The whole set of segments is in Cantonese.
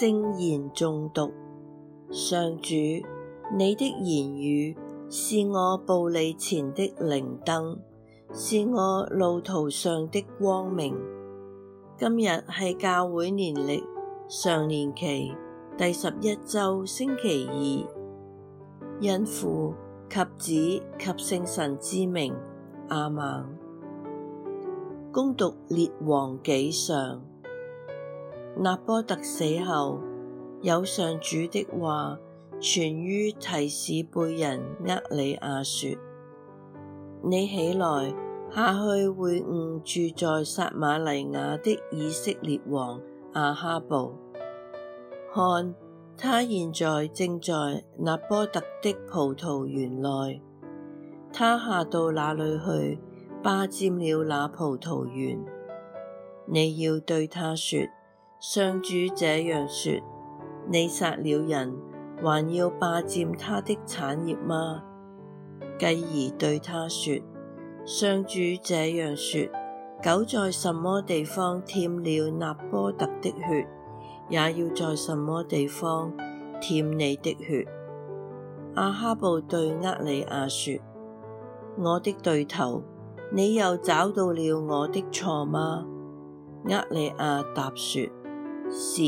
聖言誦讀，上主，你的言語是我步履前的靈燈，是我路途上的光明。今日係教會年曆常年期第十一周星期二，因父及子及聖神之名，阿們。恭讀列王紀上。納波特死後，有上主的話傳於提市貝人厄里亞說：你起來下去會晤住在撒瑪黎雅的以色列王阿哈布，看他現在正在納波特的葡萄園內，他下到那裏去霸佔了那葡萄園。你要對他說。上主這樣說：你殺了人，還要霸佔他的產業嗎？繼而對他說：上主這樣說：狗在什麼地方舔了納波特的血，也要在什麼地方舔你的血。阿哈布對厄里亞說：我的對頭，你又找到了我的錯嗎？厄里亞答說。是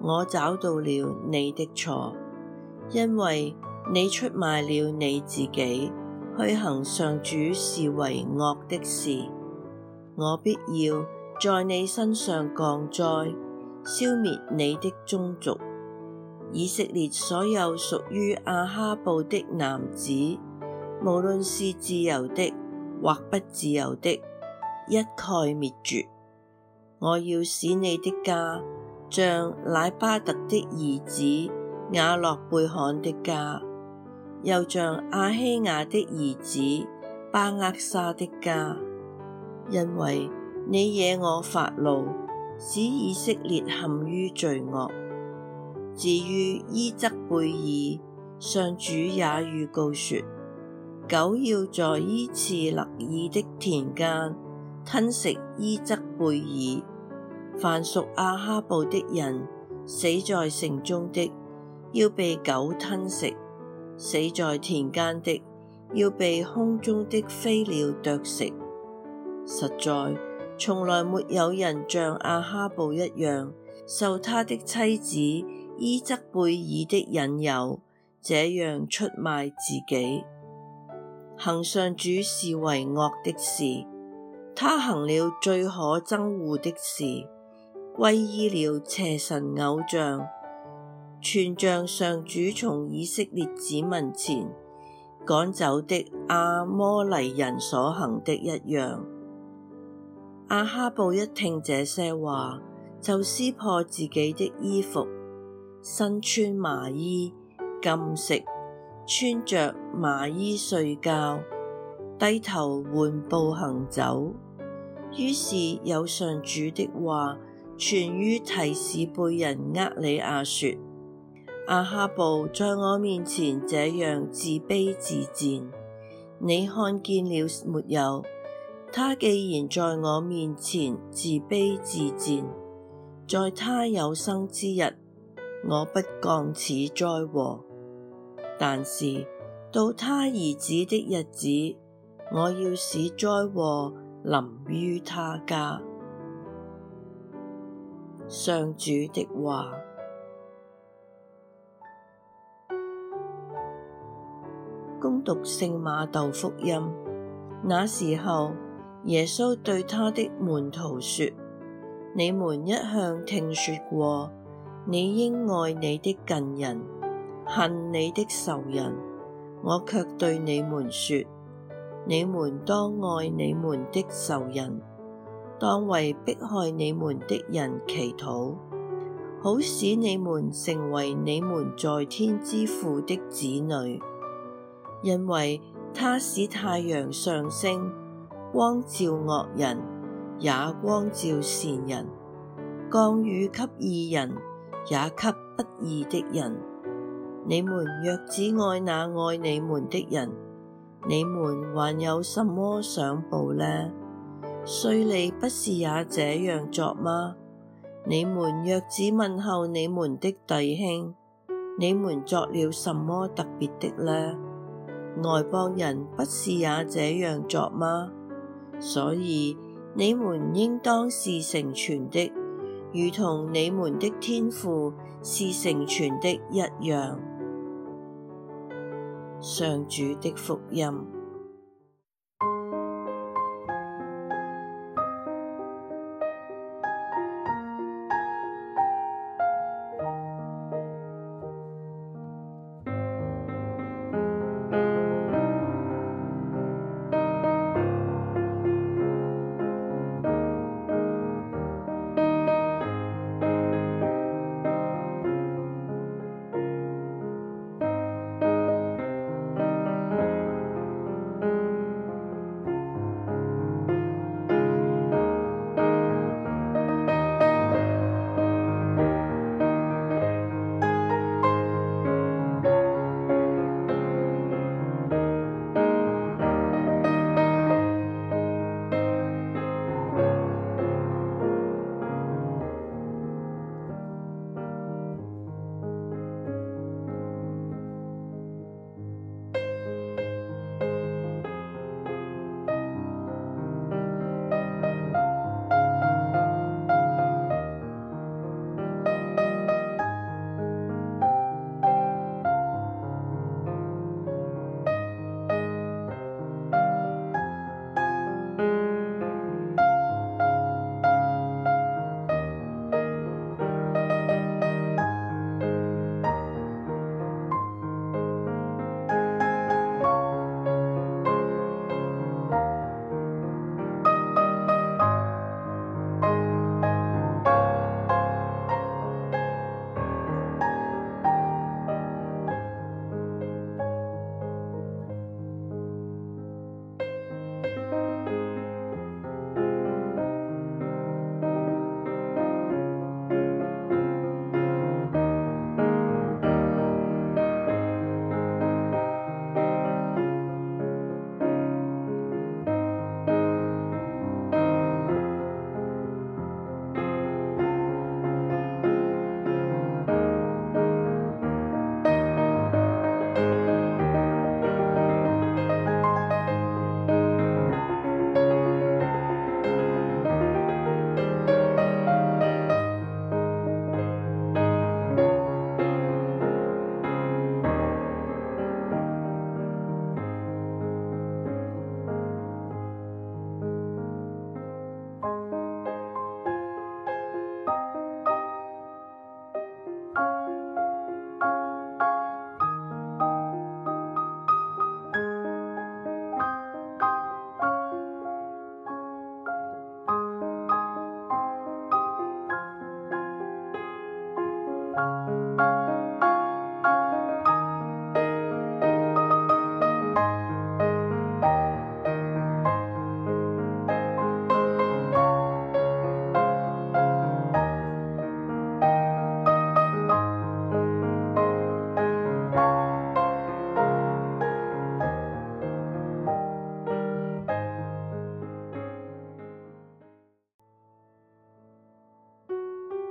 我找到了你的錯，因為你出賣了你自己，去行上主視為惡的事。我必要在你身上降災，消滅你的宗族。以色列所有屬於阿哈布的男子，無論是自由的或不自由的，一概滅絕。我要使你的家，像乃巴特的兒子雅洛貝罕的家，又像阿希雅的兒子巴厄沙的家，因為你惹我發怒，使以色列陷於罪惡。至於依則貝耳，上主也預告說，狗要在依次勒耳的田間吞食依則貝耳。凡屬阿哈布的人，死在城中的，要被狗吞食，死在田間的，要被空中的飛鳥啄食。實在，從來沒有人像阿哈布一樣，受他的妻子依則貝耳的引誘，這樣出賣自己。行上主視為惡的事，他行了最可憎惡的事。歸依了邪神偶像，全像上主從以色列子民前趕走的阿摩黎人所行的一樣。阿哈布一聽這些話，就撕破自己的衣服，身穿麻衣，禁食，穿着麻衣睡覺，低頭緩步行走。於是有上主的話。傳於提市貝人厄里亞說：阿哈布在我面前這樣自卑自賤，你看見了沒有？他既然在我面前自卑自賤，在他有生之日，我不降此災禍；但是，到他兒子的日子，我要使災禍臨於他家。上主的話，恭讀聖瑪竇福音。那時候，耶穌對他的門徒說：你們一向聽說過，你應愛你的近人，恨你的仇人。我卻對你們說，你們當愛你們的仇人。當為迫害你們的人祈禱，好使你們成為你們在天之父的子女。因為祂使太陽上升，光照惡人，也光照善人；降雨給義人，也給不義的人。你們若只愛那愛你們的人，你們還有什麼賞報呢？稅吏不是也這樣作嗎？你們若只問候你們的弟兄，你們作了什麼特別的呢？外邦人不是也這樣作嗎？所以你們應當是成全的，如同你們的天父是成全的一樣。上主的福音。